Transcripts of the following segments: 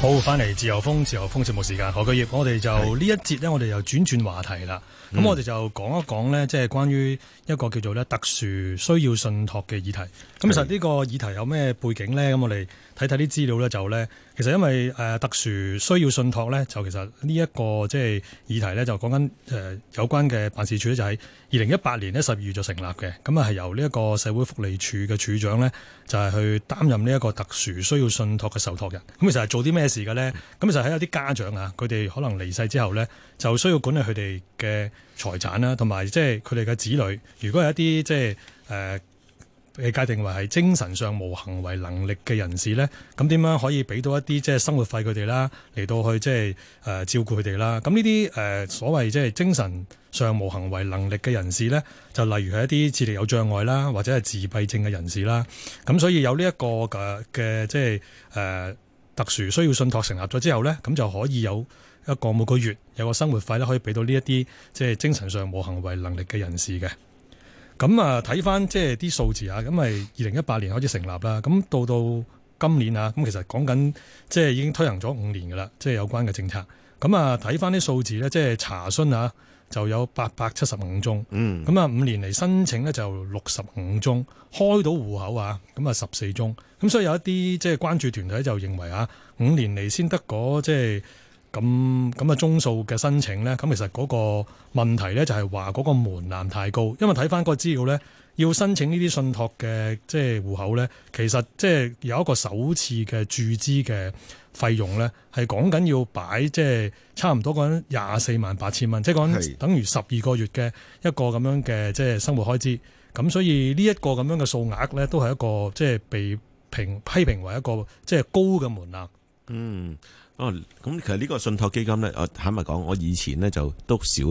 好，翻嚟自由風自由風節目時間，何巨業，我哋就是一節呢一節咧，我哋又轉轉話題啦。咁、嗯、我哋就講一講咧，即、就、係、是、關於一個叫做咧特殊需要信託嘅議題。咁其是實呢個議題有咩背景咧？咁我哋睇睇啲資料咧，就咧。其實因為誒特殊需要信託咧，就其實呢一個即係議題咧，就講緊誒有關嘅辦事處咧，就喺二零一八年呢十二月就成立嘅。咁啊係由呢一個社會福利署嘅署長咧，就係去擔任呢一個特殊需要信託嘅受託人。咁其實係做啲咩事嘅咧？咁其實喺有啲家長啊，佢哋可能離世之後咧，就需要管理佢哋嘅財產啦，同埋即係佢哋嘅子女。如果係一啲即係誒。呃被界定為係精神上無行為能力嘅人士咧，咁點樣可以俾到一啲即係生活費佢哋啦，嚟到去即係誒照顧佢哋啦？咁呢啲誒所謂即係精神上無行為能力嘅人士咧，就例如係一啲智力有障礙啦，或者係自閉症嘅人士啦。咁所以有呢一個誒嘅即係誒特殊需要信託成立咗之後咧，咁就可以有一個每個月有個生活費咧，可以俾到呢一啲即係精神上無行為能力嘅人士嘅。咁啊，睇翻即係啲數字啊，咁係二零一八年開始成立啦。咁到到今年啊，咁其實講緊即係已經推行咗五年噶啦，即係有關嘅政策。咁啊，睇翻啲數字呢，即係查詢啊，就有八百七十五宗。嗯，咁啊，五年嚟申請呢，就六十五宗開到戶口啊，咁啊十四宗。咁所以有一啲即係關注團體就認為啊，五年嚟先得嗰即係。就是咁咁嘅宗數嘅申請呢？咁其實嗰個問題呢就係話嗰個門檻太高，因為睇翻嗰個資料呢，要申請呢啲信託嘅即係戶口呢，其實即係有一個首次嘅注資嘅費用呢，係講緊要擺即係差唔多講緊廿四萬八千蚊，即係講等於十二個月嘅一個咁樣嘅即係生活開支。咁所以呢一個咁樣嘅數額呢，都係一個即係被評批評為一個即係高嘅門檻。嗯。哦，咁其實呢個信託基金咧，我坦白講，我以前咧就都少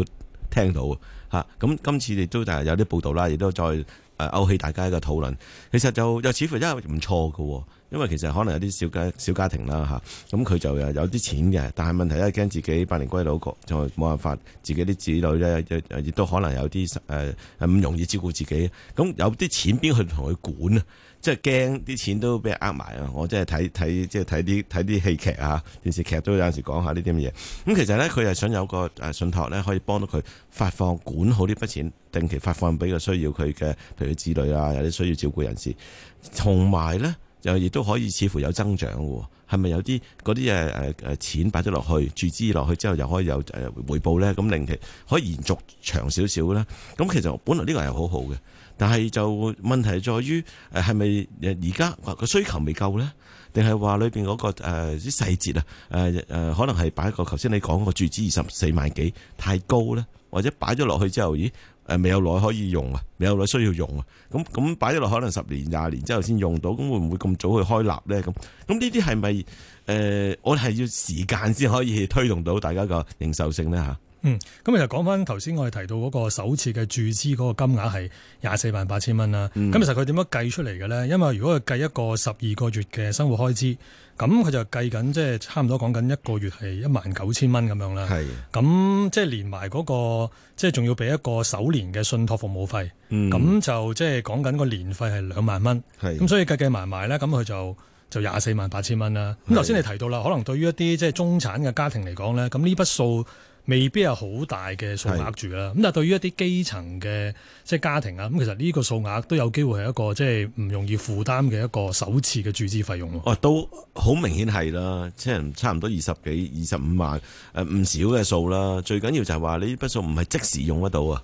聽到嚇。咁今次亦都就係有啲報道啦，亦都再誒勾起大家一個討論。其實就又似乎真係唔錯嘅，因為其實可能有啲小家小家庭啦嚇，咁佢就有啲錢嘅，但係問題咧驚自己百年歸老，個就冇辦法。自己啲子女咧，亦都可能有啲誒唔容易照顧自己。咁有啲錢邊去同佢管啊？即係驚啲錢都俾人呃埋啊！我即係睇睇，即係睇啲睇啲戲劇啊、電視劇都有陣時講下呢啲咁嘢。咁其實呢，佢係想有個誒信託呢，可以幫到佢發放管好呢筆錢，定期發放俾個需要佢嘅，譬如子女啊，有啲需要照顧人士。同埋呢，又亦都可以似乎有增長嘅，係咪有啲嗰啲嘢誒誒錢擺咗落去，注資落去之後又可以有誒回報呢？咁令其可以延續長少少咧。咁其實本來呢個係好好嘅。但係就問題在於，誒係咪誒而家個需求未夠咧？定係話裏邊嗰個啲、呃、細節啊？誒、呃、誒、呃、可能係擺一個頭先你講個注資二十四萬幾太高咧？或者擺咗落去之後，咦誒、呃、未有耐可以用啊？未有耐需要用啊？咁、嗯、咁擺咗落可能十年廿年之後先用到，咁、嗯、會唔會咁早去開立咧？咁咁呢啲係咪誒我哋係要時間先可以推動到大家個認受性咧嚇？嗯，咁其實講翻頭先，我哋提到嗰個首次嘅注資嗰個金額係廿四萬八千蚊啦。咁、嗯、其實佢點樣計出嚟嘅咧？因為如果佢計一個十二個月嘅生活開支，咁佢就計緊即係差唔多講緊一個月係一萬九千蚊咁樣啦。係是，咁即係連埋嗰、嗰個即係仲要俾一個首年嘅信託服務費。咁、嗯、就即係講緊個年費係兩萬蚊。咁，是所以計計埋埋咧，咁佢就就廿四萬八千蚊啦。咁頭先你提到啦，是可能對於一啲即係中產嘅家庭嚟講咧，咁呢筆數。未必係好大嘅數額住啦，咁是但係對於一啲基層嘅即係家庭啊，咁其實呢個數額都有機會係一個即係唔容易負擔嘅一個首次嘅注資費用咯。哦，都好明顯係啦，即係差唔多二十幾、二十五萬，誒、呃、唔少嘅數啦。最緊要就係話你呢筆數唔係即時用得到啊。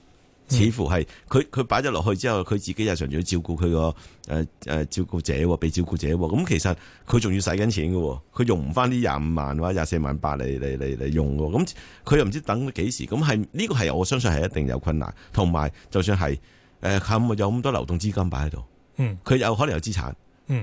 似乎係佢佢擺咗落去之後，佢自己日常仲要照顧佢個誒誒照顧者，俾照顧者咁，其實佢仲要使緊錢嘅，佢用唔翻呢廿五萬或者廿四萬八嚟嚟嚟嚟用嘅，咁佢又唔知等幾時，咁係呢個係我相信係一定有困難，同埋就算係誒、呃、有咁多流動資金擺喺度，佢、嗯、有可能有資產，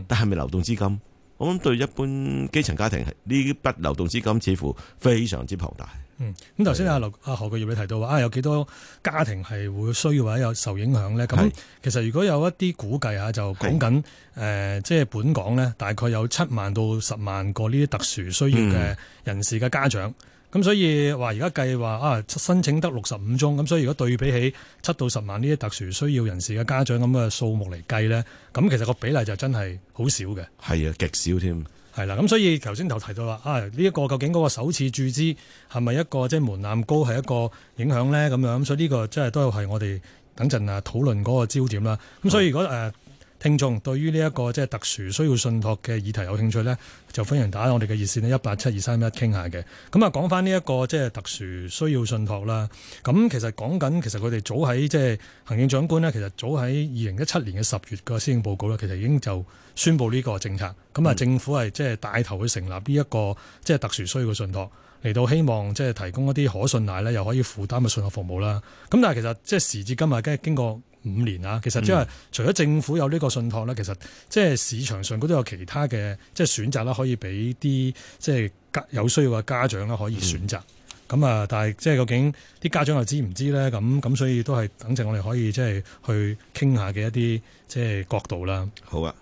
但係咪流動資金？嗯、我諗對一般基層家庭係呢筆流動資金，似乎非常之龐大。嗯，咁頭先阿劉阿何國耀你提到話啊，有幾多家庭係會需要或者有受影響咧？咁的其實如果有一啲估計嚇，就講緊誒，即係本港咧，大概有七萬到十萬個呢啲特殊需要嘅人士嘅家長。咁所以話而家計話啊，申請得六十五宗，咁所以如果對比起七到十萬呢啲特殊需要人士嘅家長咁嘅數目嚟計咧，咁其實個比例就真係好少嘅。係啊，極少添。係啦，咁所以頭先就提到啦，啊呢一個究竟嗰個首次注資係咪一個即係門檻高係一個影響呢？咁樣咁，所以呢個真係都係我哋等陣啊討論嗰個焦點啦。咁的所以如果誒。呃聽眾對於呢一個即係特殊需要信託嘅議題有興趣呢，就歡迎打我哋嘅熱線咧一八七二三一傾下嘅。咁啊，講翻呢一個即係特殊需要信託啦。咁其實講緊，其實佢哋早喺即係行政長官呢，其實早喺二零一七年嘅十月個施政報告咧，其實已經就宣布呢個政策。咁啊，政府係即係帶頭去成立呢一個即係特殊需要嘅信託，嚟到希望即係提供一啲可信賴呢，又可以負擔嘅信託服務啦。咁但係其實即係時至今日，跟住經過五年啊，其實即係除咗政府有呢個信託咧，其實即係市場上嗰度都有其他嘅即係選擇啦，可以俾啲即係家有需要嘅家長啦，可以選擇。咁啊、嗯，但係即係究竟啲家長又知唔知咧？咁咁，所以都係等陣我哋可以即係去傾下嘅一啲即係角度啦。好啊，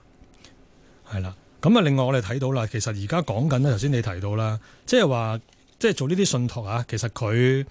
係啦。咁啊，另外我哋睇到啦，其實而家講緊咧，頭先你提到啦，即係話即係做呢啲信託啊，其實佢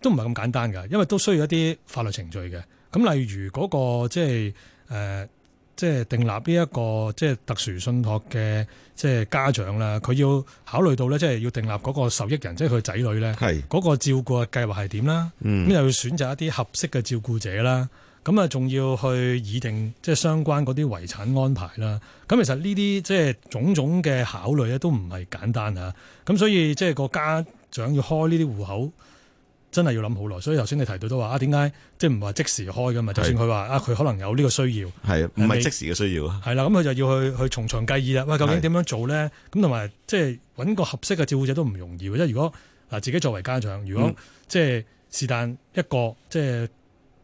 都唔係咁簡單噶，因為都需要一啲法律程序嘅。咁例如嗰、那個即係誒，即、呃、係、就是、訂立呢一個即係特殊信託嘅即係家長啦，佢要考慮到咧，即、就、係、是、要訂立嗰個受益人，即係佢仔女咧，嗰是個照顧計劃係點啦？咁、嗯、又要選擇一啲合適嘅照顧者啦。咁啊，仲要去擬定即係相關嗰啲遺產安排啦。咁其實呢啲即係種種嘅考慮咧，都唔係簡單啊。咁所以即係、就是、個家長要開呢啲戶口。真係要諗好耐，所以頭先你提到都話啊，點解即係唔話即時開噶嘛？的就算佢話啊，佢可能有呢個需要，係唔係即時嘅需要啊？係啦，咁佢就要去去從長計議啦。喂，究竟點樣做咧？咁同埋即係搵個合適嘅照顧者都唔容易，即係如果嗱自己作為家長，如果、嗯、即係是但一個即係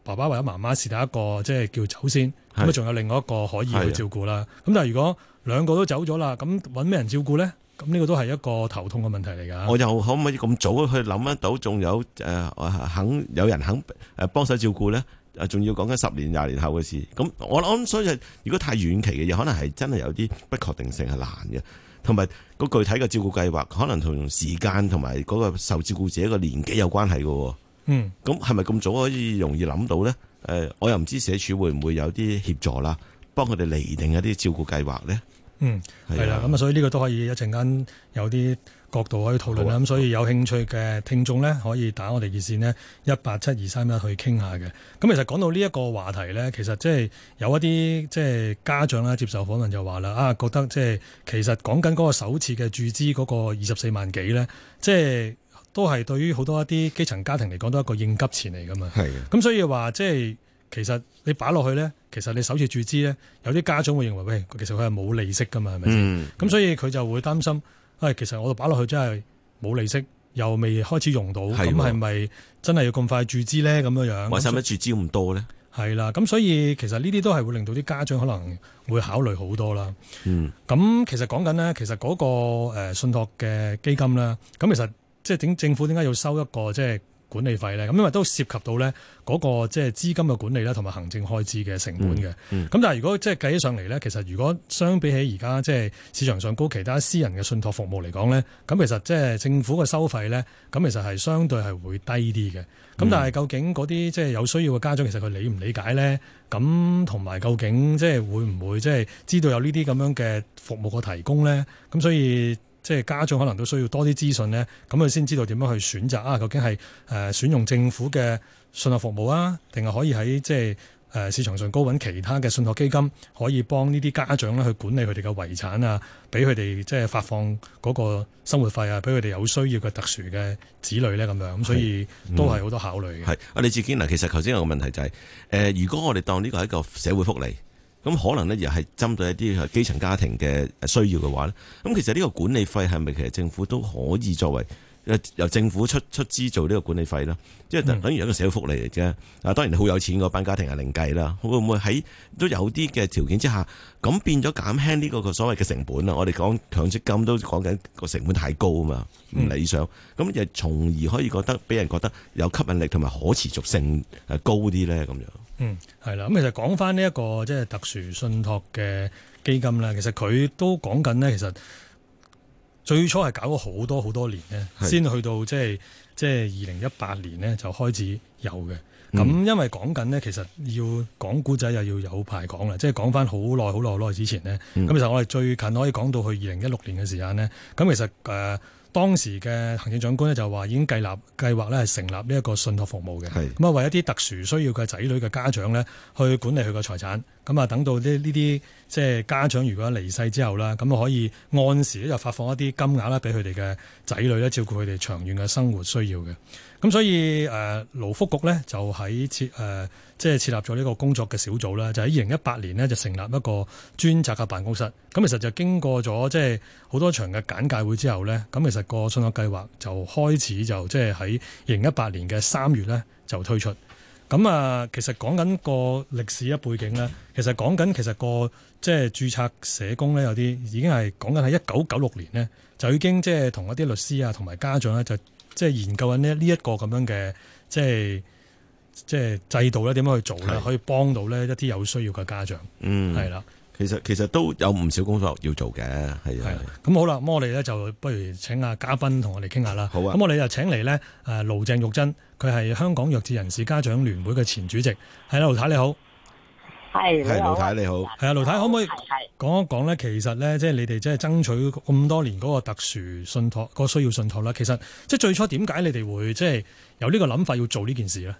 爸爸或者媽媽是但一個即係叫走先，咁啊仲有另外一個可以去照顧啦。咁的的但係如果兩個都走咗啦，咁搵咩人照顧咧？咁呢個都係一個頭痛嘅問題嚟噶，我又可唔可以咁早去諗得到，仲有誒我肯有人肯誒幫手照顧咧？誒，仲要講緊十年廿年後嘅事。咁我諗，所以如果太遠期嘅嘢，可能係真係有啲不確定性係難嘅，同埋個具體嘅照顧計劃，可能同時間同埋嗰個受照顧者個年紀有關係噶。嗯，咁係咪咁早可以容易諗到咧？誒、呃，我又唔知社署會唔會有啲協助啦，幫佢哋釐定一啲照顧計劃咧？嗯，係啦，咁啊的、嗯，所以呢個都可以一陣間有啲角度可以討論啦。咁的所以有興趣嘅聽眾呢，可以打我哋熱線呢，一八七二三一去傾下嘅。咁、嗯、其實講到呢一個話題呢，其實即係有一啲即係家長啦，接受訪問就話啦，啊覺得即、就、係、是、其實講緊嗰個首次嘅注資嗰個二十四萬幾呢，即、就、係、是、都係對於好多一啲基層家庭嚟講都係一個應急錢嚟㗎嘛。係的。咁、嗯、所以話即係。其實你擺落去咧，其實你首次注資咧，有啲家長會認為喂，其實佢係冇利息噶嘛，係咪先？咁、嗯、所以佢就會擔心，誒、哎，其實我度擺落去真係冇利息，又未開始用到，咁係咪真係要咁快注資咧？咁樣樣使乜注資咁多咧？係啦，咁所以其實呢啲都係會令到啲家長可能會考慮好多啦。咁、嗯、其實講緊咧，其實嗰個誒信託嘅基金咧，咁其實即係點政府點解要收一個即係？管理費咧，咁因為都涉及到咧嗰個即係資金嘅管理啦，同埋行政開支嘅成本嘅。咁、嗯嗯、但係如果即係計起上嚟咧，其實如果相比起而家即係市場上高其他私人嘅信託服務嚟講咧，咁、嗯、其實即係政府嘅收費咧，咁其實係相對係會低啲嘅。咁、嗯、但係究竟嗰啲即係有需要嘅家長，其實佢理唔理解咧？咁同埋究竟即係會唔會即係知道有呢啲咁樣嘅服務嘅提供咧？咁所以。即係家長可能都需要多啲資訊呢。咁佢先知道點樣去選擇啊？究竟係誒、呃、選用政府嘅信託服務啊，定係可以喺即係誒市場上高揾其他嘅信託基金，可以幫呢啲家長咧去管理佢哋嘅遺產啊，俾佢哋即係發放嗰個生活費啊，俾佢哋有需要嘅特殊嘅子女呢。咁樣咁，所以都係好多考慮嘅。係、嗯、啊，你自己嗱，其實頭先有個問題就係、是、誒、呃，如果我哋當呢個係一個社會福利。咁可能呢，又係針對一啲基層家庭嘅需要嘅話咧，咁其實呢個管理費係咪其實政府都可以作為由政府出出資做呢個管理費咧？即係等於一個社會福利嚟啫。啊，當然好有錢嗰班家庭係另計啦。會唔會喺都有啲嘅條件之下，咁變咗減輕呢個所謂嘅成本啊？我哋講強積金都講緊個成本太高啊嘛，唔理想。咁亦、嗯、從而可以覺得俾人覺得有吸引力同埋可持續性高啲呢。咁樣。嗯，係啦，咁其實講翻呢一個即係特殊信託嘅基金啦，其實佢都講緊呢。其實最初係搞咗好多好多年呢，的先去到即係即係二零一八年呢，就開始有嘅。咁因為講緊呢，其實要講古仔又要有排講啦，即係講翻好耐好耐好耐之前呢。咁、嗯、其實我哋最近可以講到去二零一六年嘅時間呢。咁其實誒。呃當時嘅行政長官咧，就話已經計劃計劃咧係成立呢一個信託服務嘅，咁啊為一啲特殊需要嘅仔女嘅家長咧去管理佢嘅財產。咁啊，等到呢呢啲即係家長如果離世之後咧，咁可以按時咧就發放一啲金額咧俾佢哋嘅仔女咧照顧佢哋長遠嘅生活需要嘅。咁所以誒勞福局咧就喺設誒即係設立咗呢個工作嘅小組啦，就喺二零一八年呢，就成立一個專責嘅辦公室。咁其實就經過咗即係好多場嘅簡介會之後咧，咁其實個信託計劃就開始就即係喺二零一八年嘅三月咧就推出。咁啊，其實講緊個歷史嘅背景咧，其實講緊其實個即係註冊社工咧，有啲已經係講緊喺一九九六年咧，就已經即係同一啲律師啊，同埋家長咧，就即係研究緊咧呢一個咁樣嘅即係即係制度咧，點樣去做咧，是可以幫到咧一啲有需要嘅家長，嗯，係啦。其實其實都有唔少工作要做嘅，係啊。咁好啦，咁我哋咧就不如請阿嘉賓同我哋傾下啦。好啊。咁我哋就請嚟咧，誒，盧鄭玉珍，佢係香港弱智人士家長聯會嘅前主席。係啦，盧太你好。係係盧太你好。係啊，盧太可唔可以講一講咧？其實咧，即係你哋即係爭取咁多年嗰個特殊信託嗰個需要信託啦。其實即係最初點解你哋會即係有呢個諗法要做呢件事咧？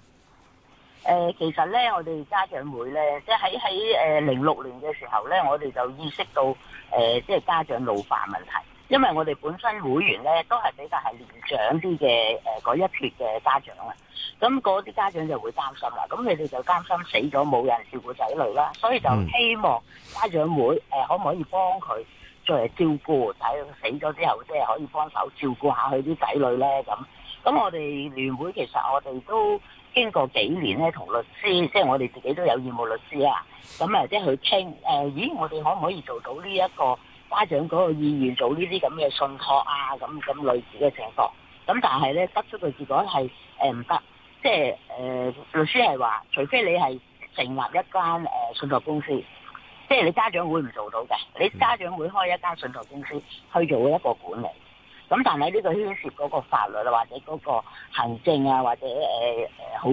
誒、呃，其實咧，我哋家長會咧，即係喺喺誒零六年嘅時候咧，我哋就意識到誒、呃，即係家長老化問題，因為我哋本身會員咧都係比較係年長啲嘅誒，嗰、呃、一撇嘅家長啊，咁嗰啲家長就會擔心啦，咁你哋就擔心死咗冇人照顧仔女啦，所以就希望家長會誒、呃、可唔可以幫佢作為照顧仔死咗之後，即係可以幫手照顧下佢啲仔女咧咁，咁我哋聯會其實我哋都。經過幾年咧，同律師，即係我哋自己都有業務律師啊，咁、嗯、啊，即係去傾誒、呃，咦，我哋可唔可以做到呢一個家長嗰個意願做呢啲咁嘅信託啊？咁咁類似嘅情況，咁但係咧，得出個結果係誒唔得，即係誒、呃，律師係話，除非你係成立一間誒、呃、信託公司，即係你家長會唔做到嘅，你家長會開一間信託公司去做一個管理。咁但係呢個牽涉嗰個法律啊，或者嗰個行政啊，或者誒誒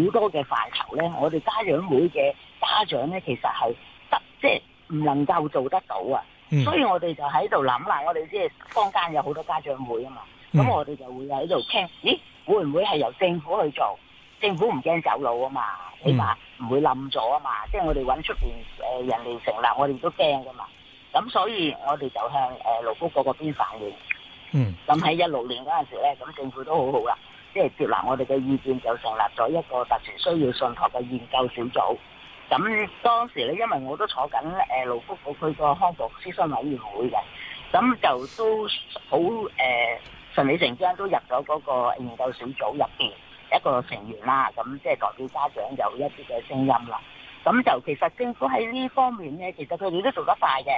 好多嘅範疇咧，我哋家長會嘅家長咧，其實係得即係唔能夠做得到啊，所以我哋就喺度諗，嗱我哋即係坊間有好多家長會啊嘛，咁我哋就會喺度傾，咦會唔會係由政府去做？政府唔驚走佬啊嘛，起碼唔會冧咗啊嘛，即係我哋揾出面誒人嚟成立，我哋都驚噶嘛，咁所以我哋就向誒勞福局嗰個邊反映。嗯，咁喺一六年嗰陣時咧，咁政府都好好啦，即係接納我哋嘅意見，就成立咗一個特殊需要信託嘅研究小組。咁當時咧，因為我都坐緊誒勞福局區個康復諮詢委員會嘅，咁就都好誒順理成章都入咗嗰個研究小組入邊一個成員啦，咁即係代表家長有一啲嘅聲音啦。咁就其實政府喺呢方面咧，其實佢哋都做得快嘅，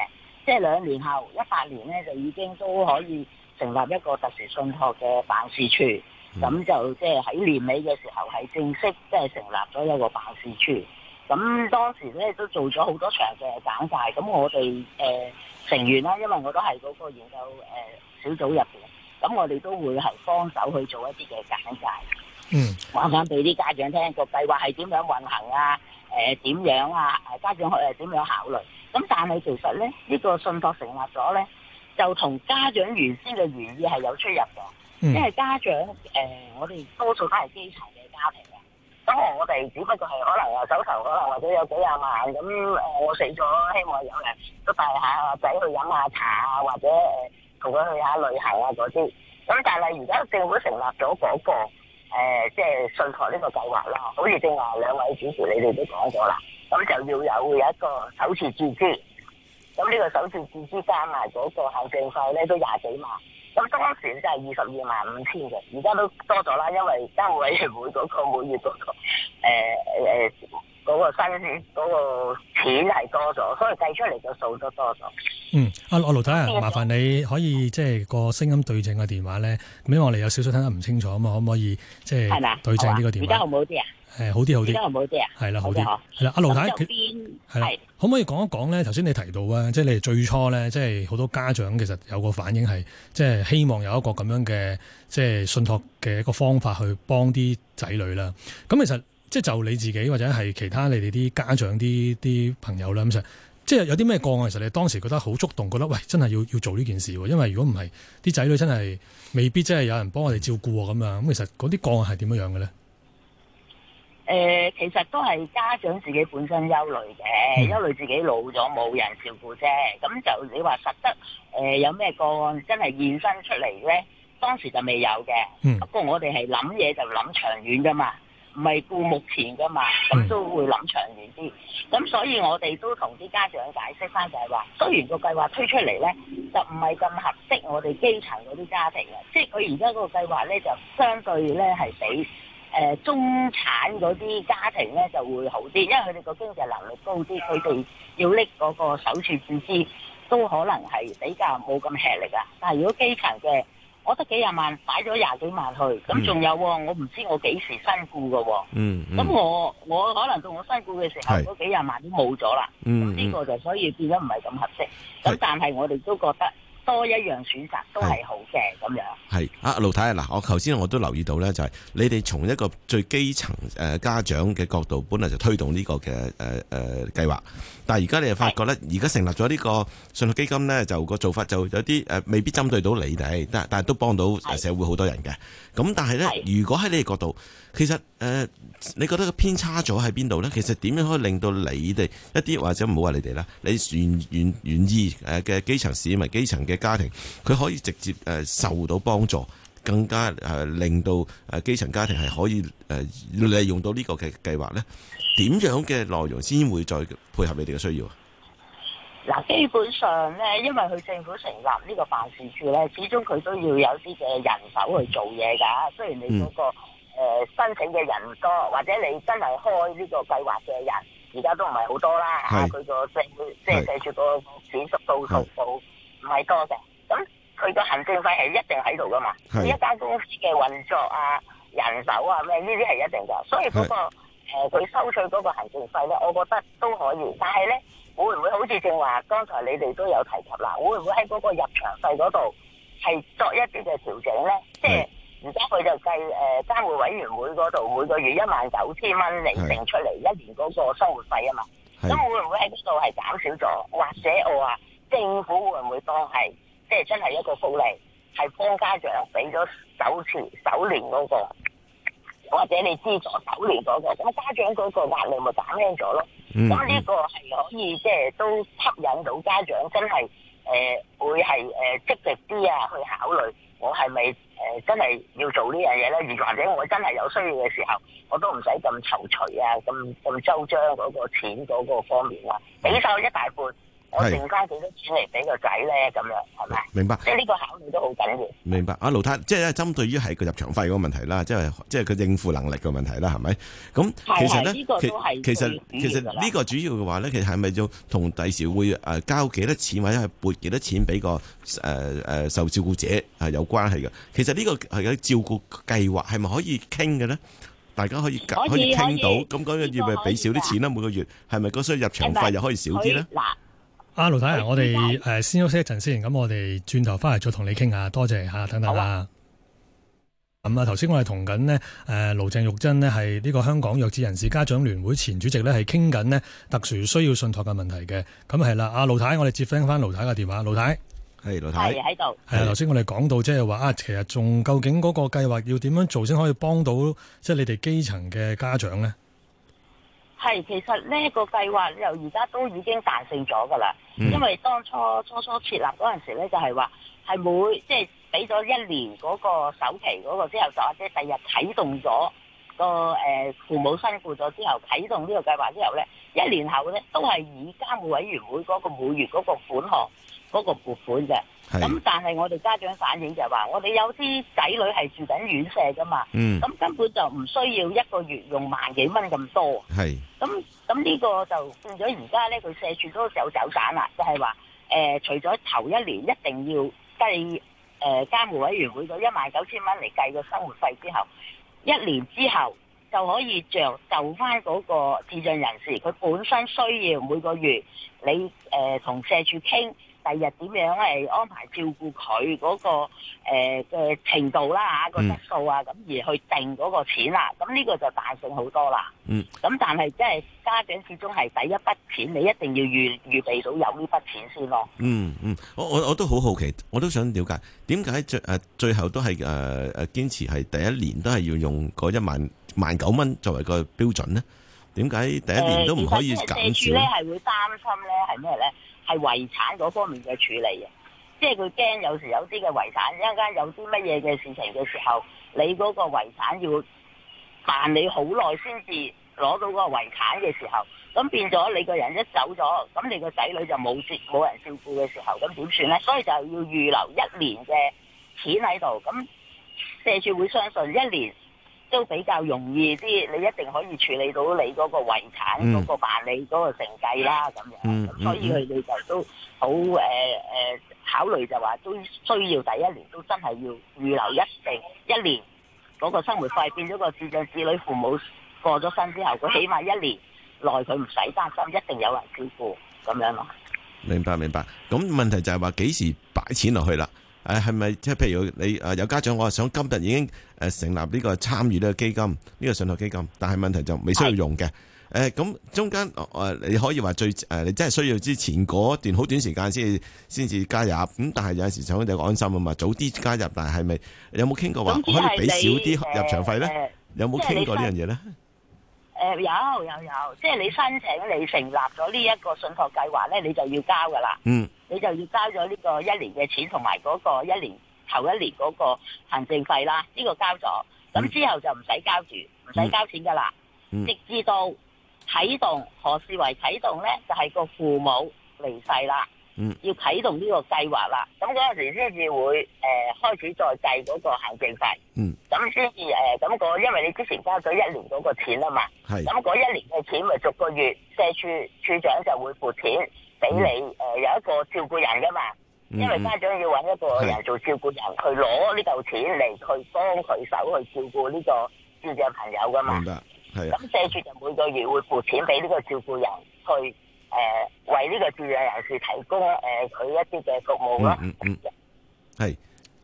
即係兩年後一八年咧就已經都可以，成立一個特殊信託嘅辦事處，咁就即係喺年尾嘅時候係正式即係成立咗一個辦事處。咁當時咧都做咗好多場嘅簡介，咁我哋誒成員咧，因為我都係嗰個研究誒小組入邊，咁我哋都會係幫手去做一啲嘅簡介。嗯，話返俾啲家長聽，個計劃係點樣運行啊，誒點樣啊，誒家長係誒點樣考慮。咁但係其實咧呢個信託成立咗咧。就同家長原先嘅原意係有出入嘅，因為、嗯、家長誒、呃、我哋多數都係基層嘅家庭嘅，咁我哋只不過係可能啊手頭可能或者有幾廿萬，咁誒、呃、我死咗希望有人都帶下仔去飲下茶啊，或者誒同佢去下旅行啊嗰啲。咁但係而家政府成立咗嗰、那個、呃、即係信託呢個計劃啦，好似正話兩位主持你哋都講咗啦，咁就要有有一個首次注資。咁呢個手續自之加埋咗個行政費咧，都廿幾萬。咁當時咧就係二十二萬五千嘅，而家都多咗啦，因為單位每嗰個每月個誒誒嗰個薪嗰個錢係多咗，所以計出嚟嘅數都多咗。嗯。阿阿盧太，麻煩你可以即係個聲音對正個電話咧，因為我哋有少少聽得唔清楚啊嘛，可唔可以即係吧對正呢個電話？而家好唔好啲啊？誒、嗯、好啲好啲，係啦，啊、好啲，係啦，阿盧太，佢係啦，邊可唔可以講一講咧？頭先你提到啊，即係你哋最初咧，即係好多家長其實有個反應係，即係希望有一個咁樣嘅即係信託嘅一個方法去幫啲仔女啦。咁、嗯、其實即係就你自己或者係其他你哋啲家長啲啲朋友啦咁就，即係有啲咩個案？其實你當時覺得好觸動，覺得喂，真係要要做呢件事喎。因為如果唔係，啲仔女真係未必真係有人幫我哋照顧咁樣。咁其實嗰啲個案係點樣樣嘅咧？誒、呃，其實都係家長自己本身憂慮嘅，憂慮、嗯、自己老咗冇人照顧啫。咁就你話實質誒、呃，有咩個案真係現身出嚟咧？當時就未有嘅、嗯。不過我哋係諗嘢，就諗長遠噶嘛，唔係顧目前噶嘛，咁都會諗長遠啲。咁所以我哋都同啲家長解釋翻，就係話，雖然個計劃推出嚟咧，就唔係咁合適我哋基層嗰啲家庭嘅，即係佢而家嗰個計劃咧就相對咧係比。誒中產嗰啲家庭咧就會好啲，因為佢哋個經濟能力高啲，佢哋要搦嗰個首次注資都可能係比較冇咁吃力噶。但係如果基層嘅，我得幾廿萬，擺咗廿幾萬去，咁仲有喎，我唔知我幾時身故嘅喎。嗯嗯。咁我我可能到我身故嘅時候，嗰幾廿萬都冇咗啦。嗯。呢個就所以變咗唔係咁合適。咁但係我哋都覺得。多一樣選擇都係好嘅咁樣。係啊，盧太啊，嗱，我頭先我都留意到呢，就係你哋從一個最基層誒家長嘅角度，本嚟就推動呢個嘅誒誒計劃。但係而家你又發覺呢，而家成立咗呢個信託基金呢，就個做法就有啲誒未必針對到你哋，但但係都幫到社會好多人嘅。咁但係呢，如果喺你哋角度，其實誒，你覺得個偏差咗喺邊度呢？其實點樣可以令到你哋一啲或者唔好話你哋啦，你願願願意誒嘅基層市民、基層嘅家庭，佢可以直接誒受到幫助，更加誒、呃、令到誒、呃、基層家庭係可以誒、呃、利用到個計劃呢個嘅計劃咧，點樣嘅內容先會再配合你哋嘅需要？嗱，基本上咧，因為佢政府成立呢個辦事處咧，始終佢都要有啲嘅人手去做嘢㗎。雖然你嗰、那個、嗯呃、申請嘅人多，或者你真係開呢個計劃嘅人，而家都唔係好多啦。嚇是，佢個政府即係社署個五十到數度唔係多嘅。佢個行政費係一定喺度噶嘛？是一間公司嘅運作啊、人手啊咩，呢啲係一定㗎，所以嗰、嗰個佢是、呃、收取嗰個行政費咧，我覺得都可以。但係咧會唔會好似正話、剛才你哋都有提及啦，會唔會喺嗰個入場費嗰度係作一啲嘅調整咧？是即係而家佢就計誒、呃、監會委員會嗰度每個月一萬九千蚊釐定出嚟一年嗰個生活費啊嘛，咁是會唔會喺呢度係減少咗？或者我話政府會唔會當係？即係真係一個福利，係幫家長俾咗首存首年嗰、嗰個，或者你資助首年嗰、嗰個，咁家長嗰個壓力咪減輕咗咯？咁呢個係可以即係都吸引到家長真、呃呃係係呃，真係誒會係誒積極啲啊，去考慮我係咪誒真係要做呢樣嘢咧？而或者我真係有需要嘅時候，我都唔使咁躊躇啊，咁咁周章嗰個錢嗰個方面啦，俾晒一大半。係我剩翻幾多錢嚟俾個仔咧？咁樣係咪？明白，即係呢個考慮都好緊要。明白，阿盧太，即係針對於係個入場費個問題啦，即係即係佢應付能力嘅問題啦，係咪？咁其實咧，其實其實呢個主要嘅話咧，其實係咪要同第時會誒交幾多錢或者係撥幾多錢俾個誒誒受照顧者係有關係嘅？其實呢個係嘅照顧計劃係咪可以傾嘅咧？大家可以可以傾到，咁嗰日要唔要俾少啲錢咧？每個月係咪個所需入場費又可以少啲咧？阿盧太啊，太太嗯、我哋誒先休息一陣先，咁、嗯、我哋轉頭翻嚟再同你傾下，多謝吓、啊，等等啦。咁啊，頭先、啊、我哋同緊咧，誒盧鄭玉珍呢，呢係呢個香港弱智人士家長聯會前主席咧，係傾緊咧特殊需要信託嘅問題嘅。咁係啦，阿盧太，我哋接聽翻盧太嘅電話，盧太係盧太係喺度。係頭先我哋講到，即係話啊，其實仲究竟嗰個計劃要點樣做先可以幫到，即係你哋基層嘅家長咧？係，其實呢個計劃由而家都已經彈性咗㗎啦，因為當初初初設立嗰陣時咧，就係話係每即係俾咗一年嗰個首期嗰個之後，就即係第二日啟動咗。個誒父母辛苦咗之後啟動呢個計劃之後咧，一年後咧都係以監護委員會嗰個每月嗰個款項嗰個撥款嘅。咁但係我哋家長反映就係話，我哋有啲仔女係住緊院舍噶嘛，嗯，咁根本就唔需要一個月用萬幾蚊咁多。係咁，咁呢個就變咗而家咧，佢社署都走走散啦，就係話誒除咗頭一年一定要計誒監護委員會嗰一萬九千蚊嚟計個生活費之後。一年之後就可以像就翻嗰個智障人士，佢本身需要每個月你誒同、呃、社署傾。第日點樣嚟安排照顧佢嗰、那個嘅、呃、程度啦嚇個質素啊，咁而去定嗰個錢啦，咁、啊、呢、這個就大勝好多啦。嗯，咁但係即係家長始終係第一筆錢，你一定要預預備到有呢筆錢先咯。嗯嗯，我我我都好好奇，我都想了解點解最誒、呃、最後都係誒誒堅持係第一年都係要用嗰一萬萬九蚊作為個標準呢？點解第一年都唔可以減少？說咧係會擔心咧，係咩咧？係遺產嗰方面嘅處理啊，即係佢驚有時有啲嘅遺產，一陣間有啲乜嘢嘅事情嘅時候，你嗰個遺產要辦理好耐先至攞到嗰個遺產嘅時候，咁變咗你個人一走咗，咁你個仔女就冇冇人照顧嘅時候，咁點算呢？所以就要預留一年嘅錢喺度，咁社署會相信一年。都比較容易啲，你一定可以處理到你嗰個遺產、嗰、嗯、個辦理嗰個承繼啦咁樣。嗯、所以佢哋就都好誒誒考慮就話，都需要第一年都真係要預留一定一年嗰個生活費，變咗個智障子女父母過咗身之後，佢起碼一年內佢唔使擔心，一定有人照顧咁樣咯。明白，明白，咁問題就係話幾時擺錢落去喇？誒，係咪即係譬如你誒有家長，我想今日已經誒成立呢、這個參與呢個基金，呢、這個信託基金，但係問題就未需要用嘅。誒是，咁、欸、中間誒、呃、你可以話最誒、呃，你真係需要之前嗰段好短時間先先至加入。咁、嗯、但係有陣時想你安心啊嘛，早啲加入，但係係咪有冇傾過話可以俾少啲入場費咧、呃呃呃？有冇傾過呢樣嘢咧？誒，有有有，即係你申請你成立咗呢一個信託計劃咧，你就要交噶啦。嗯。你就要交咗呢個一年嘅錢，同埋嗰個一年頭一年嗰個行政費啦，呢、這個交咗，咁之後就唔使交住，唔使、嗯、交錢噶啦，嗯、直至到啟動何視為啟動咧，就係、是、個父母離世啦，嗯、要啟動呢個計劃啦，咁嗰陣時先至會誒、呃、開始再計嗰個行政費，咁先至誒咁個，因為你之前交咗一年嗰個錢啊嘛，咁嗰是一年嘅錢咪逐個月社署署長就會付錢。俾你誒有一個照顧人㗎嘛，因為家長要搵一個人做照顧人，嗯、去攞呢嚿錢嚟，佢幫佢手去照顧呢個智障朋友㗎嘛。明白，係啊。咁借住就每個月會付錢俾呢個照顧人，去誒、呃、為呢個智障人士提供誒佢、呃、一啲嘅服務咯、嗯。嗯嗯係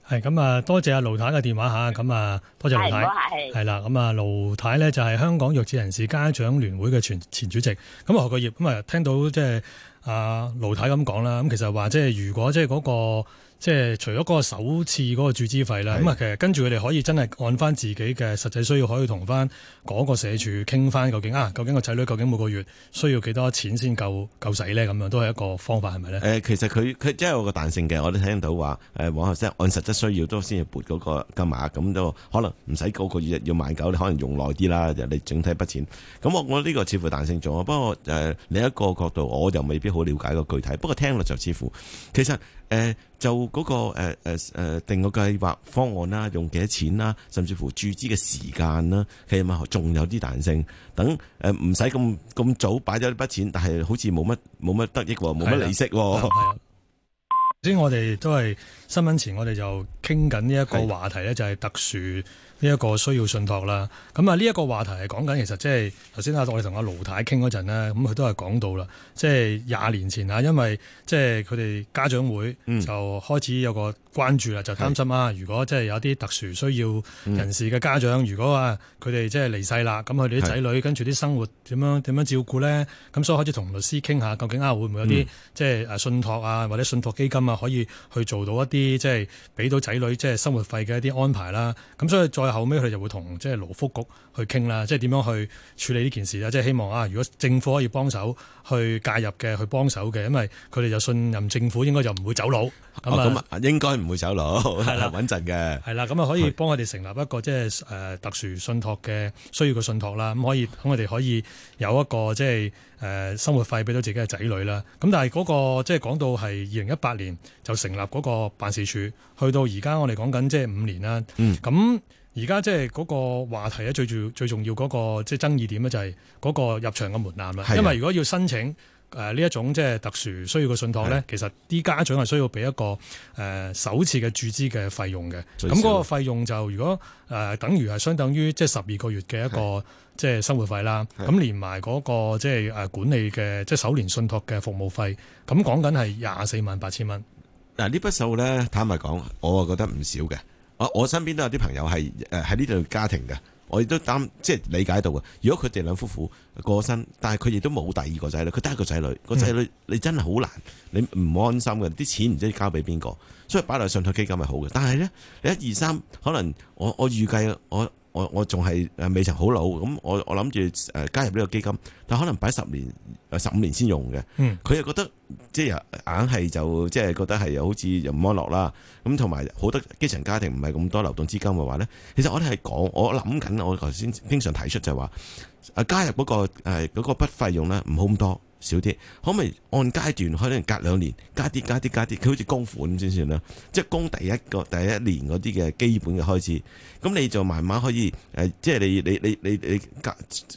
係咁啊，多謝阿盧太嘅電話吓，咁啊多謝盧太。唔好客氣。係啦的，咁啊盧太咧就係香港弱智人士家長聯會嘅前前主席，咁啊何國業，咁啊聽到即係。即即即即即即阿、啊、盧太咁講啦，咁其實話，即係如果即係嗰個。即係除咗嗰個首次嗰個注資費啦，咁啊，其實跟住佢哋可以真係按翻自己嘅實際需要，可以同翻嗰個社署傾翻究竟啊，究竟個仔女究竟每個月需要幾多錢先夠夠使咧？咁樣都係一個方法，係咪咧？誒，其實佢佢真係有個彈性嘅，我都聽到話誒，往後即係按實質需要都先係撥嗰個金額，咁都可能唔使嗰個月要萬九，你可能用耐啲啦，就你整體筆錢。咁我我呢、呢個似乎彈性咗，不過誒、呃、另一個角度，我就未必好了解個具體。不過聽落就似乎其實。其實誒、呃，就嗰、嗰個誒誒誒，定個計劃方案啦，用幾多錢啦，甚至乎注資嘅時間啦，其實咪仲有啲彈性，等誒唔使咁咁早擺咗呢筆錢，但係好似冇乜冇乜得益，冇乜利息。係啊，先我哋都係新聞前，我哋就傾緊呢一個話題咧，就係特殊。呢一個需要信託啦，咁啊呢一個話題係講緊，其實即係頭先啊，我哋同阿盧太傾嗰陣咧，咁佢都係講到啦，即係廿年前啊，因為即係佢哋家長會就開始有個關注啦，嗯、就擔心啊，是如果即係有啲特殊需要人士嘅家長，嗯、如果佢哋即係離世啦，咁佢哋啲仔女是跟住啲生活點樣點樣照顧咧？咁是所以開始同律師傾下，究竟啊會唔會有啲即係誒信託啊，嗯、或者信託基金啊，可以去做到一啲即係俾到仔女即係生活費嘅一啲安排啦。咁所以再。後尾佢就會同即係勞福局去傾啦，即係點樣去處理呢件事啦，即係希望啊，如果政府可以幫手去介入嘅，去幫手嘅，因為佢哋就信任政府應該，哦、樣應該就唔會走佬。咁啊的，應該唔會走佬，係啦，穩陣嘅，係啦，咁啊可以幫我哋成立一個即係誒特殊信託嘅需要嘅信託啦，咁可以，等我哋可以有一個即係誒、呃、生活費俾到自己嘅仔女啦。咁但係、那、嗰個即係講到係二零一八年就成立嗰個辦事處，去到而家我哋講緊即係五年啦，咁、嗯。而家即係嗰個話題咧，最重最重要嗰個即係爭議點咧，就係嗰個入場嘅門檻啦。的因為如果要申請誒呢一種即係特殊需要嘅信託咧，的其實啲家長係需要俾一個誒首次嘅注資嘅費用嘅。咁嗰少個費用就如果誒等於係相當於即係十二個月嘅一個即係生活費啦。咁連埋嗰個即係誒管理嘅即係首年信託嘅服務費，咁講緊係廿四萬八千蚊。嗱呢筆數咧，坦白講，我啊覺得唔少嘅。我身邊都有啲朋友係誒喺呢類家庭嘅，我亦都擔即係理解到嘅。如果佢哋兩夫婦過身，但係佢亦都冇第二個仔女，佢得一個仔女，個仔女你真係好難，你唔安心嘅，啲錢唔知交俾邊個，所以擺落信託基金係好嘅。但係呢，你一二三可能我我預計我。我我仲係誒未曾好老，咁我我諗住誒加入呢個基金，但可能擺十年、誒十五年先用嘅。嗯，佢又覺得即係硬係就即係覺得係好似又唔安樂啦。咁同埋好多基層家庭唔係咁多流動資金嘅話咧，其實我哋係講我諗緊，我頭先經常提出就係話誒加入嗰個誒嗰個筆費用咧唔好咁多。少啲，可唔可以按階段，可能隔兩年，加啲加啲加啲，佢好似供款咁先算啦。即係供第一個第一年嗰啲嘅基本嘅開始，咁你就慢慢可以誒、呃，即係你你你你你家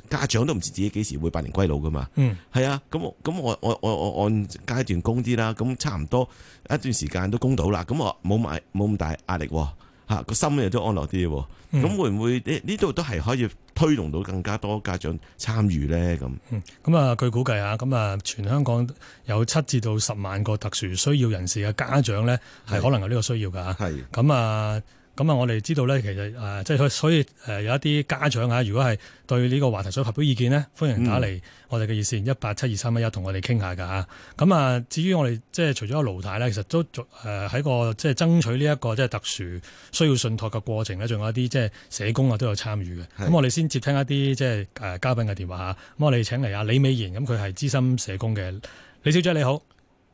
家長都唔知自己幾時會百年歸老噶嘛。嗯，係啊，咁我咁我我我我按階段供啲啦，咁差唔多一段時間都供到啦，咁我冇埋冇咁大壓力喎。吓個心咧都安樂啲，咁、嗯、會唔會呢？呢度都係可以推動到更加多家長參與咧？咁、嗯，咁啊據估計啊，咁啊全香港有七至到十萬個特殊需要人士嘅家長咧，係可能有呢個需要噶吓。係咁啊。咁啊，我哋知道咧，其實誒，即、呃、係所以誒，有一啲家長啊，如果係對呢個話題想發表意見呢，歡迎打嚟我哋嘅熱線一八七二三一一，同我哋傾下噶嚇。咁啊，至於我哋即係除咗盧太咧，其實都誒喺、呃、個即係爭取呢一個即係特殊需要信託嘅過程咧，仲有一啲即係社工啊都有參與嘅。咁的我哋先接聽一啲即係誒、呃、嘉賓嘅電話嚇。咁我哋請嚟阿李美賢，咁佢係資深社工嘅，李小姐，你好。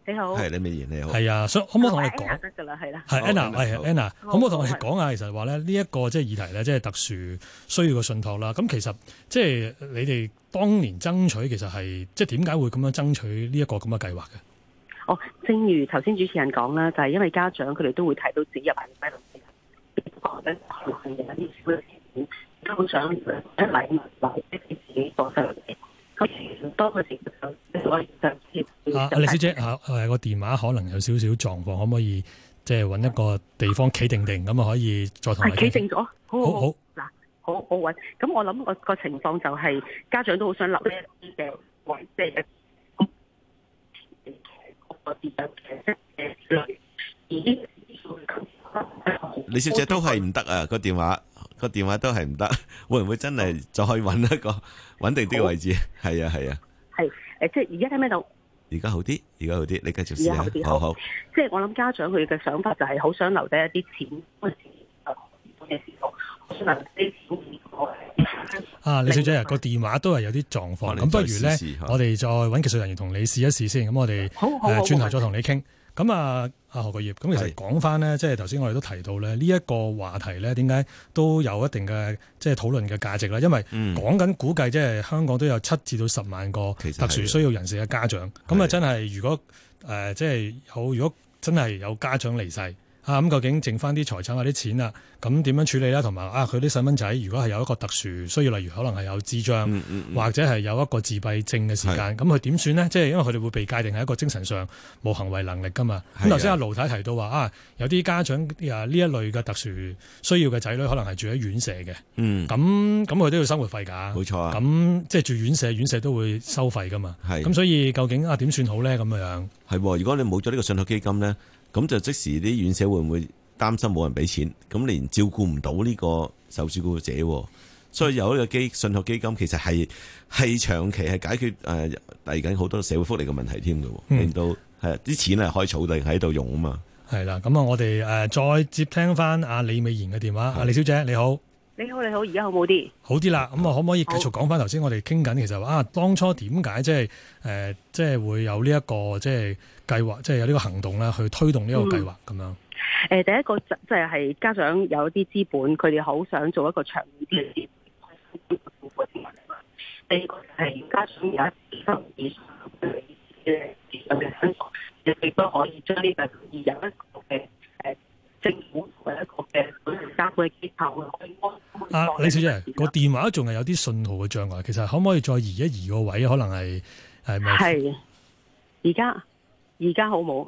你好，係李美賢，你好。係啊，所以可唔可以同我哋講得噶啦，係啦。係 Anna，係 Anna，可唔可以同我哋講下？其實話咧，呢一個即係議題咧，即係特殊需要個信託啦。咁其實即係你哋當年爭取，其實係即係點解會咁樣爭取呢一個咁嘅計劃嘅？哦，正如頭先主持人講啦，就係因為家長佢哋都會睇到自己入埋咩基本想禮物多個成啊，李小姐，吓、啊，誒、啊，個電話可能有少少狀況，可唔可以即係搵一個地方企定定，咁啊可以再同你企、啊、定咗，好好嗱，好好搵，咁我諗個個情況就係家長都好想留呢一啲嘅位，即係咁。嗯嗯嗯、李小姐都係唔得啊，嗯、個電話、個電話都係唔得， 會唔會真係再搵一個穩定啲位置？係啊係啊，係誒、啊，即係而家聽咩度？而家好啲，而家好啲，你繼續試下，好好，好好。即係我諗家長佢嘅想法就係好想留低一啲錢，嗰時啊，原本嘅時候，想啲錢啊，李小姐，淺個電話都係有啲狀況，咁、啊、不如咧，啊、我哋再揾技術人員同你試一試先。咁我哋誒，轉頭、呃、再同你傾。咁啊好。啊，學個業咁，其實講返咧，即係頭先我哋都提到咧，呢一是的 個話題咧，點解都有一定嘅即係討論嘅價值咧？因為講緊、嗯、估計，即係香港都有七至到十萬個特殊需要人士嘅家長，咁啊真係如果誒即係有，如果真係有家長離世。咁究竟剩翻啲財產或啲錢啊，咁點樣處理咧？同埋啊，佢啲細蚊仔如果係有一個特殊需要，例如可能係有智障，或者係有一個自閉症嘅時間，咁佢點算呢？即係因為佢哋會被界定係一個精神上冇行為能力噶嘛。咁頭先阿盧太提到話啊，有啲家長啊呢一類嘅特殊需要嘅仔女，可能係住喺院舍嘅。嗯，咁咁佢都要生活費㗎。冇錯啊。咁即係住院舍，院舍都會收費㗎嘛。係。咁所以究竟啊點算好咧？咁樣係。如果你冇咗呢個信託基金咧？咁就即時啲院社會唔會擔心冇人俾錢，咁連照顧唔到呢個受照顧者、啊，所以有呢個基信託基金，其實係係長期係解決誒嚟緊好多社會福利嘅問題添、啊、嘅，嗯、令到係啲錢係可以儲定喺度用啊嘛。係啦，咁啊，我哋誒再接聽翻阿李美賢嘅電話，阿好李小姐你好，你好，你好你好，而家好冇啲？好啲啦，咁啊可唔可以繼續講翻頭先我哋傾緊其實話，啊當初點解即係誒即係會有呢、這、一個即係？就是計劃即係有呢個行動啦，去推動呢個計劃咁樣、啊。誒，第一個即係係家長有啲資本，佢哋好想做一個長遠嘅事業。第二個就係家長有一年以上嘅嘅資產嘅基礎，亦都可以將呢個移入一個嘅誒政府或者一個嘅嗰啲傢伙嘅機構去。李小姐、個電話仲係有啲信號嘅障礙，其實可唔可以再移一移個位？可能係係咪？係而家。而家好冇？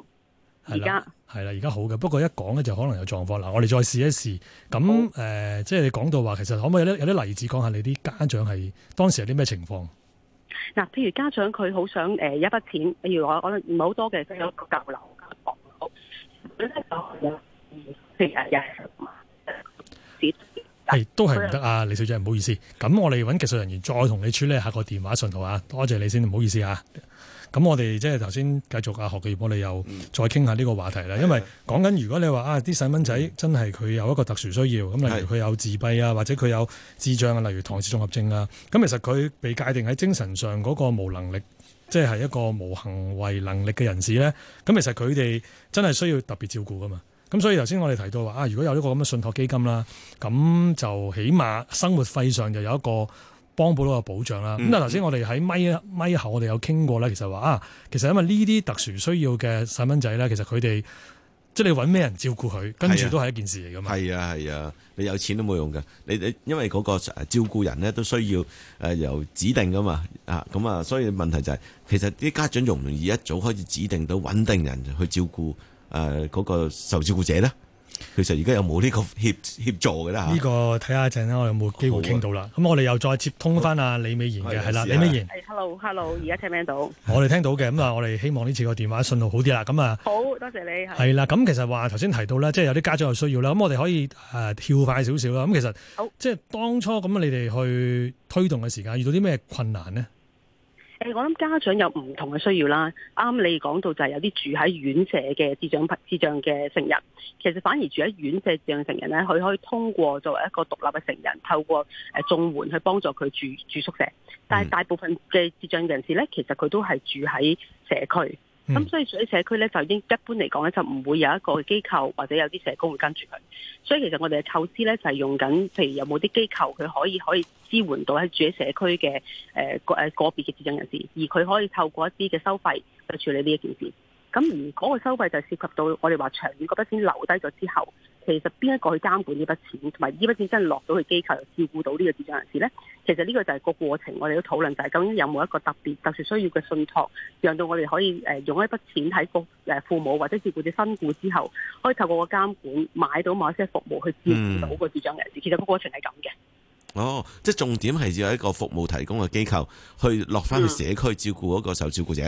而家。係啦，而家好嘅。不過一講咧就可能有狀況。嗱，我哋再試一試。咁誒好、呃，即係你講到話，其實可唔可以有啲例子講下？你啲家長係當時有啲咩情況？嗱，譬如家長佢好想誒、呃、一筆錢，譬如我我唔係好多嘅，即想有個舊樓嘅房屋。你聽講有二四廿萬？係都係唔得啊！李小姐，唔好意思。咁我哋揾技術人員再同你處理下個電話信號啊！多謝你先，唔好意思啊！咁我哋即係頭先繼續啊學嘅葉波，你又再傾下呢個話題咧。嗯、因為講緊、嗯、如果你話啊，啲細蚊仔真係佢有一個特殊需要，咁例如佢有自閉啊，或者佢有智障啊，例如唐氏綜合症啊，咁其實佢被界定喺精神上嗰個無能力，即係一個無行為能力嘅人士呢。咁其實佢哋真係需要特別照顧㗎嘛。咁所以頭先我哋提到話啊，如果有呢個咁嘅信託基金啦，咁就起碼生活費上就有一個。幫補到個保障啦。咁但係頭先我哋喺咪咪後，我哋有傾過咧。其實話啊，其實因為呢啲特殊需要嘅細蚊仔咧，其實佢哋即係你揾咩人照顧佢，啊、跟住都係一件事嚟噶嘛。係啊係啊，你有錢都冇用噶。你你因為嗰個照顧人咧都需要誒、呃、由指定噶嘛。啊咁啊，所以問題就係、是、其實啲家長容唔容易一早開始指定到穩定人去照顧誒嗰、呃那個受照顧者咧？其實而家有冇呢個協協助嘅咧？呢、這個睇下一陣啦，我有冇機會傾到啦？咁的我哋又再接通翻阿李美賢嘅係啦。李美賢，係 Hello，Hello，而家聽唔聽到？我哋聽到嘅，咁啊，我哋希望呢次個電話信號好啲啦。咁啊，好多謝，謝你係。係啦，咁其實話頭先提到啦，即係有啲家長有需要啦。咁我哋可以誒、呃、跳快少少啦。咁其實好，即係當初咁你哋去推動嘅時間遇到啲咩困難呢？誒，我諗家長有唔同嘅需要啦。啱你講到就係有啲住喺院舍嘅智障、智障嘅成人，其實反而住喺院舍智障成人咧，佢可以通過作為一個獨立嘅成人，透過誒綜援去幫助佢住住宿舍。但係大部分嘅智障人士咧，其實佢都係住喺社區。咁所以住喺社區咧，就應，一般嚟講咧，就唔會有一個機構或者有啲社工會跟住佢。所以其實我哋嘅構思咧，就係用緊，譬如有冇啲機構，佢可以可以支援到喺住喺社區嘅個誒個別嘅智障人士，而佢可以透過一啲嘅收費去處理呢一件事。咁而嗰個收費就涉及到我哋話長遠嗰筆錢留低咗之後。其實邊一個去監管呢筆錢，同埋呢筆錢真係落到去機構去照顧到呢個智障人士呢？其實呢個就係個過程，我哋都討論就係、是、究竟有冇一個特別，特殊需要嘅信託，讓到我哋可以誒用一筆錢喺個父母或者照顧者身故之後，可以透過個監管買到某一些服務去照顧到個智障人士。嗯、其實個過程係咁嘅。哦，即係重點係要有一個服務提供嘅機構去落翻去社區照顧嗰個受照顧者。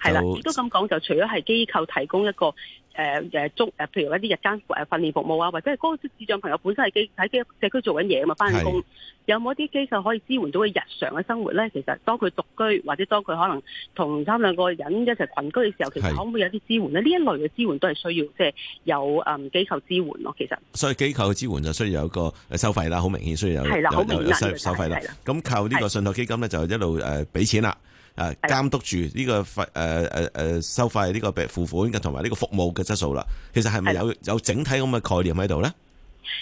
係啦、嗯，亦都咁講就除咗係機構提供一個。誒誒，足誒，譬如一啲日間誒訓練服務啊，或者係嗰個智障朋友本身係基喺基社區做緊嘢噶嘛，翻工，的有冇一啲機構可以支援到佢日常嘅生活咧？其實當佢獨居，或者當佢可能同三兩個人一齊群居嘅時候，其實可唔可以有啲支援咧？呢一類嘅支援都係需要，即係有誒機構支援咯。其實，所以機構嘅支援就需要有個誒收費啦，好明顯需要有明有，有，有，有收費啦。咁靠呢個信託基金咧，就一路誒俾錢啦。啊！監督住呢個費誒誒誒收費呢個嘅付款同埋呢個服務嘅質素啦，其實係咪有有整體咁嘅概念喺度咧？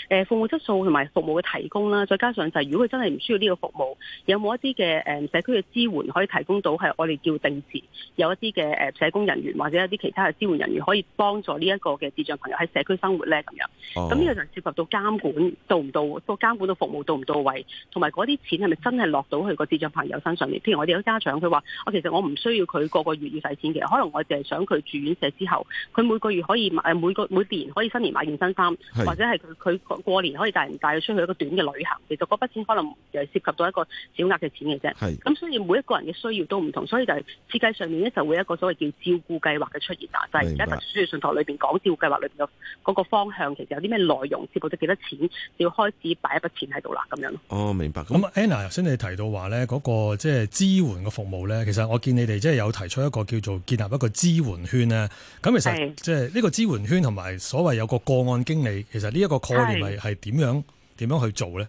誒服務質素同埋服務嘅提供啦，再加上就係如果佢真係唔需要呢個服務，有冇一啲嘅誒社區嘅支援可以提供到，係我哋叫定時有一啲嘅誒社工人員或者一啲其他嘅支援人員可以幫助呢一個嘅智障朋友喺社區生活咧咁、oh. 樣。咁呢個就係涉及到監管到唔到個監管到服務到唔到位，同埋嗰啲錢係咪真係落到去個智障朋友身上面？譬如我哋有家長佢話：我其實我唔需要佢個個月要使錢嘅，可能我淨係想佢住院舍之後，佢每個月可以誒每個每年可以新年買件新衫，是或者係佢。過年可以帶唔帶佢出去一個短嘅旅行。其實嗰筆錢可能又係涉及到一個小額嘅錢嘅啫。咁是、嗯、所以每一個人嘅需要都唔同，所以就係設計上面咧就會有一個所謂叫照顧計劃嘅出現。但係而家特殊需要信託裏邊講照顧計劃裏邊嘅嗰個方向，其實有啲咩內容，涉及咗幾多錢，就要開始擺一筆錢喺度啦，咁樣。哦，明白。咁 Anna 頭先你提到話咧，嗰、那個即係支援嘅服務咧，其實我見你哋即係有提出一個叫做建立一個支援圈咧。咁其實即係呢個支援圈同埋所謂有個個案經理，其實呢一個,個。我哋咪係點樣點樣去做呢？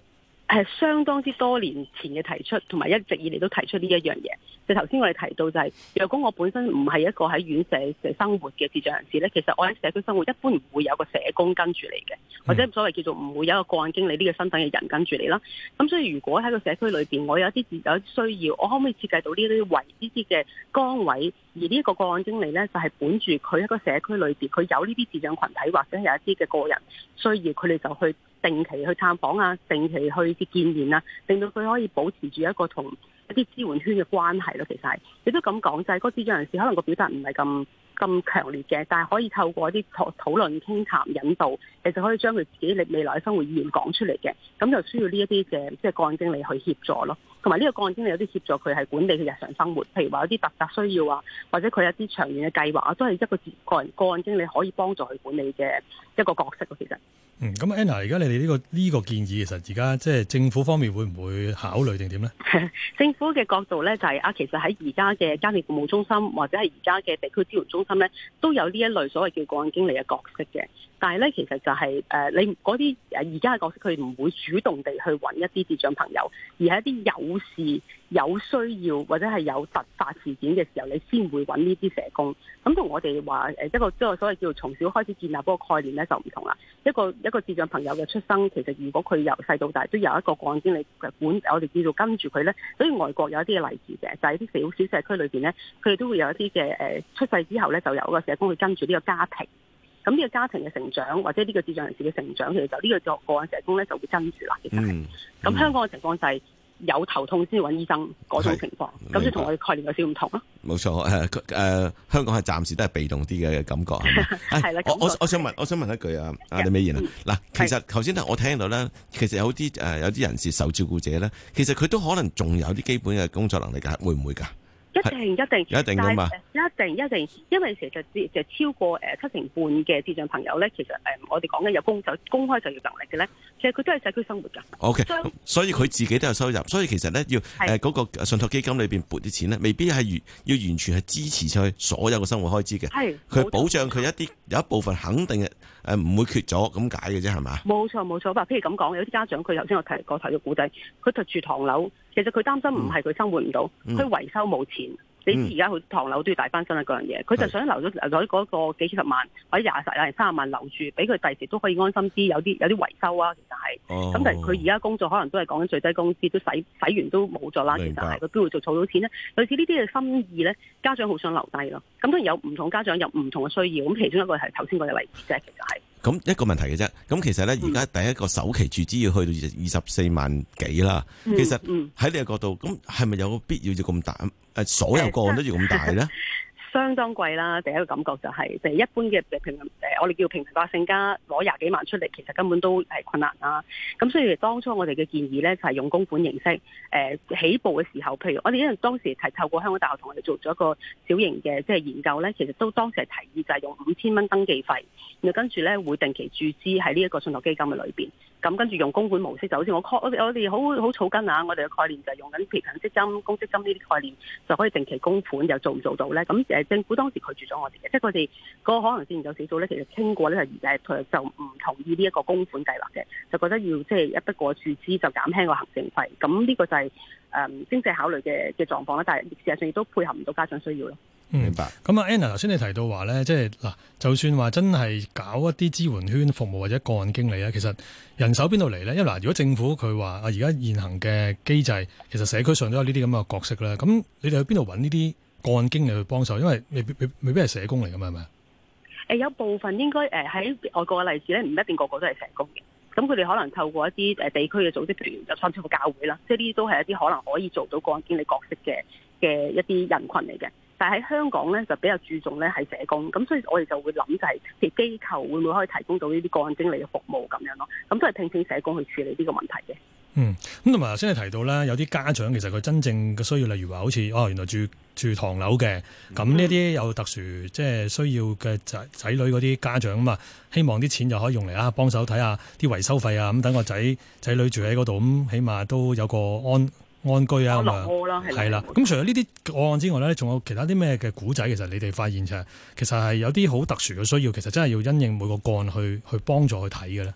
係相當之多年前嘅提出，同埋一直以嚟都提出呢一樣嘢。就頭先我哋提到就係若果我本身唔係一個喺院舍舍生活嘅智障人士咧，其實我喺社區生活一般唔會有個社工跟住你嘅，或者所謂叫做唔會有一個個案經理呢個身份嘅人跟住你啦。咁所以如果喺個社區裏邊，我有啲有啲需要，我可唔可以設計到呢啲圍啲啲嘅崗位，而呢一個個案經理咧就係管住佢一個社區裏邊，佢有呢啲智障群體或者有一啲嘅個人需要，佢哋就去定期去探訪啊，定期去見面啊，令到佢可以保持住一個同啲支援圈嘅關係咯，其實係你都咁講，就係嗰啲有陣時可能個表達唔係咁。咁強烈嘅，但係可以透過啲討討論、傾談、談、引導，其實可以將佢自己未未來生活意願講出嚟嘅。咁就需要呢一啲嘅即係個案經理去協助咯。同埋呢個個案經理有啲協助佢係管理佢日常生活，譬如話有啲特特殊需要啊，或者佢有啲長遠嘅計劃啊，都係一個個人個案經理可以幫助佢管理嘅一個角色咯。其實，嗯，咁 Anna，而家你哋、呢、呢個呢、呢個建議，其實而家即係政府方面會唔會考慮定點咧？ 政府嘅角度咧，就係、係、啊，其實喺而家嘅家電服務中心或者係而家嘅地區支援中咁咧都有呢一類所謂叫個案經理嘅角色嘅。但係咧，其實就係、是、誒，你嗰啲誒而家嘅角色，佢唔會主動地去揾一啲智障朋友，而係一啲有事、有需要或者係有突發事件嘅時候，你先會揾呢啲社工。咁同我哋話誒一個即係所謂叫做從小開始建立嗰個概念咧，就唔同啦。一個一個智障朋友嘅出生，其實如果佢由細到大都有一個個案經理嚟管，我哋叫做跟住佢咧。所以外國有一啲嘅例子嘅，就喺啲小小社區裏邊咧，佢哋都會有一啲嘅誒出世之後咧，就有一個社工去跟住呢個家庭。咁呢個家庭嘅成長，或者呢個智障人士嘅成長，其實就呢個作個案社工咧，就會跟住啦，其實咁、嗯、香港嘅情況就係有頭痛先揾醫生嗰種情況，咁先同我嘅概念有少少唔同咯。冇錯，誒、呃、誒，香港係暫時都係被動啲嘅 感覺。係啦，我我想問，我想問一句啊，阿李美賢啊，嗱、嗯，其實頭先我聽到咧，其實有啲誒，有啲人士受照顧者咧，其實佢都可能仲有啲基本嘅工作能力㗎，會唔會㗎？一定一定，但係一定一定，因為其實至就超過誒七成半嘅智障朋友咧，其實誒我哋講緊有公就公開就業能力嘅咧，其實佢都係社區生活㗎。OK，相所以佢自己都有收入，所以其實咧，要誒嗰個信託基金裏邊撥啲錢咧，未必係完要完全係支持曬所有嘅生活開支嘅。係是，佢保障佢一啲錯有一部分肯定嘅。誒唔、啊、會缺咗咁解嘅啫，係咪？冇錯冇錯，譬如咁講，有啲家長佢頭先我提過嗰個古仔，佢住住唐樓，其實佢擔心唔係佢生活唔到，佢、嗯、維修冇錢。你知而家啲唐樓都要大翻身啦，嗰樣嘢，佢就想留咗是留咗嗰、嗰個幾十萬或者廿十廿三啊萬留住，俾佢第時都可以安心啲，有啲有啲維修啊，其實係。咁但係佢而家工作可能都係講緊最低工資，都使使完都冇咗啦。其實係，佢邊度做儲到錢咧？類似呢啲嘅心意咧，家長好想留低咯。咁當然有唔同家長有唔同嘅需要，咁其中一個係頭先嗰個例子啫，其實係。咁一個問題嘅啫，咁其實咧而家第一個首期注資要去到二十四萬幾啦，其實喺呢個角度，咁係咪有個必要要咁大？誒，所有個案都要咁大咧？ 相當貴啦，第一個感覺就係、是，就係、是、一般嘅誒平民，誒我哋叫平民百姓家攞廿幾萬出嚟，其實根本都係困難啦。咁所以當初我哋嘅建議咧，就係用公款形式，誒、呃、起步嘅時候，譬如我哋因為當時係透過香港大學同我哋做咗一個小型嘅即係研究咧，其實都當時係提議就係用五千蚊登記費，然後跟住咧會定期注資喺呢一個信託基金嘅裏邊。咁跟住用供款模式就好似我我我哋好好草根啊！我哋嘅概念就係用緊譬如強積金、公積金呢啲概念就可以定期供款，又做唔做到咧？咁誒，政府當時拒絕咗我哋嘅，即係佢哋個可能性有幾多咧？其實傾過咧係誒，佢就唔同意呢一個供款計劃嘅，就覺得要即係、就是、一筆過注資就減輕個行政費。咁呢個就係、是、誒、呃、經濟考慮嘅嘅狀況啦。但係事實上亦都配合唔到家長需要咯。明白。咁啊，Anna 頭先你提到話咧，即係嗱，就算話真係搞一啲支援圈服務或者個案經理咧，其實人手邊度嚟咧？因為嗱，如果政府佢話啊，而家現行嘅機制，其實社區上都有呢啲咁嘅角色咧。咁你哋去邊度揾呢啲個案經理去幫手？因為未必、未必係社工嚟㗎嘛，係咪？誒有部分應該誒喺、呃、外國嘅例子咧，唔一定個個都係社工嘅。咁佢哋可能透過一啲誒地區嘅組織團，就甚至乎教會啦，即係呢啲都係一啲可能可以做到個案經理角色嘅嘅一啲人群嚟嘅。但喺香港咧就比較注重咧係社工，咁所以我哋就會諗就係啲機構會唔會可以提供到呢啲個案經理嘅服務咁樣咯，咁都係聘請社工去處理呢個問題嘅。嗯，咁同埋頭先你提到咧，有啲家長其實佢真正嘅需要，例如話好似哦原來住住唐樓嘅，咁呢啲有特殊即係需要嘅仔仔女嗰啲家長啊嘛，希望啲錢就可以用嚟啊幫手睇下啲維修費啊，咁等個仔仔女住喺嗰度，咁起碼都有個安安居啊嘛，係啦。咁除咗呢啲個案之外咧，仲有其他啲咩嘅古仔？其實你哋發現就係，其實係有啲好特殊嘅需要，其實真係要因應每個個案去去幫助去睇嘅咧。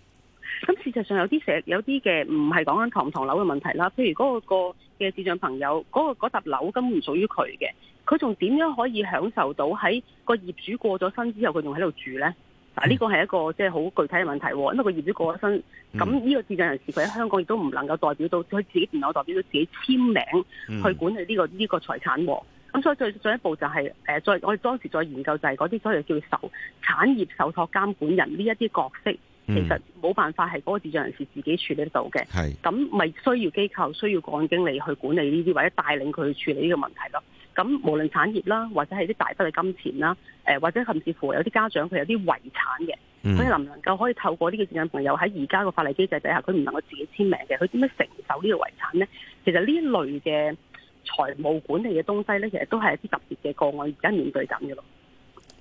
咁事實上有啲成日有啲嘅唔係講緊唐唔唐樓嘅問題啦。譬如嗰個個嘅智障朋友嗰個嗰沓樓，樓根本唔屬於佢嘅，佢仲點樣可以享受到喺個業主過咗身之後佢仲喺度住咧？嗱，呢個係一個即係好具體嘅問題，因為佢業主過咗身，咁呢、嗯、個智障人士佢喺香港亦都唔能夠代表到佢自己，唔能夠代表到自己簽名去管理呢、這個呢、嗯、個財產。咁、嗯、所以再進一步就係、是、誒、呃，再我哋當時再研究就係嗰啲所謂叫受產業受託監管人呢一啲角色，嗯、其實冇辦法係嗰個智障人士自己處理得到嘅。係是，咁咪需要機構需要管理經理去管理呢啲或者帶領佢去處理呢個問題咯。咁無論產業啦，或者係啲大筆嘅金錢啦，誒，或者甚至乎有啲家長佢有啲遺產嘅，佢能唔能夠可以透過呢個小朋友喺而家個法例機制底下，佢唔能夠自己簽名嘅，佢點樣承受呢個遺產呢？其實呢一類嘅財務管理嘅東西呢，其實都係一啲特別嘅個案而家面對緊嘅咯。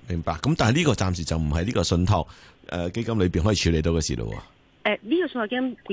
明白，咁但係呢個暫時就唔係呢個信託基金裏邊可以處理到嘅事咯。誒呢、呃這個信託基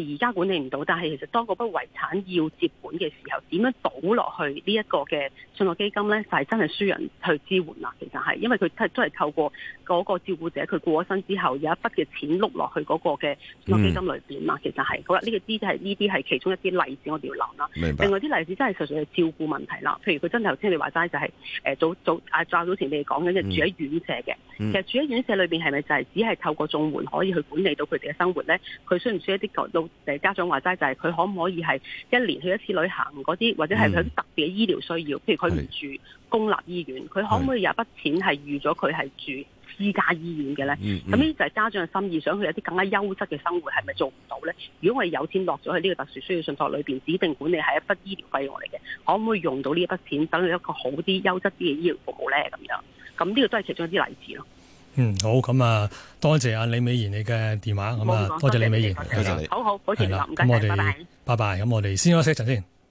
金而家管理唔到，但係其實當嗰筆遺產要接管嘅時候，點樣倒落去呢一個嘅信託基金咧，就係、是、真係輸人去支援啦。其實係因為佢都係都係透過嗰個照顧者，佢過咗身之後有一筆嘅錢碌落去嗰個嘅信託基金裏邊嘛。其實係好啦，呢啲就係呢啲係其中一啲例子，我，我哋要諗啦。另外啲例子真係純粹係照顧問題啦。譬如佢真係頭先你話齋就係、是、誒、呃、早早阿早前你講緊嘅住喺院舍嘅，嗯、其實住喺院舍裏邊係咪就係只係透過綜援可以去管理到佢哋嘅生活咧？佢需唔需要一啲個老誒家長話齋，就係、是、佢可唔可以係一年去一次旅行嗰啲，或者係有啲特別嘅醫療需要，譬如佢唔住公立醫院，佢是 可唔可以有一筆錢係預咗佢係住私家醫院嘅咧？咁呢就係家長嘅心意，想佢有啲更加優質嘅生活，係咪做唔到咧？如果我哋有錢落咗喺呢個特殊需要信託裏邊，指定管理係一筆醫療費用嚟嘅，可唔可以用到呢一筆錢，等佢一個好啲、優質啲嘅醫療服務咧？咁樣，咁呢個都係其中一啲例子咯。嗯，好，咁啊，多謝啊李美賢你嘅電話，咁啊，多謝李美賢。多謝你，了好好，保持聯絡，咁我哋，拜拜。咁我哋先休息一陣先。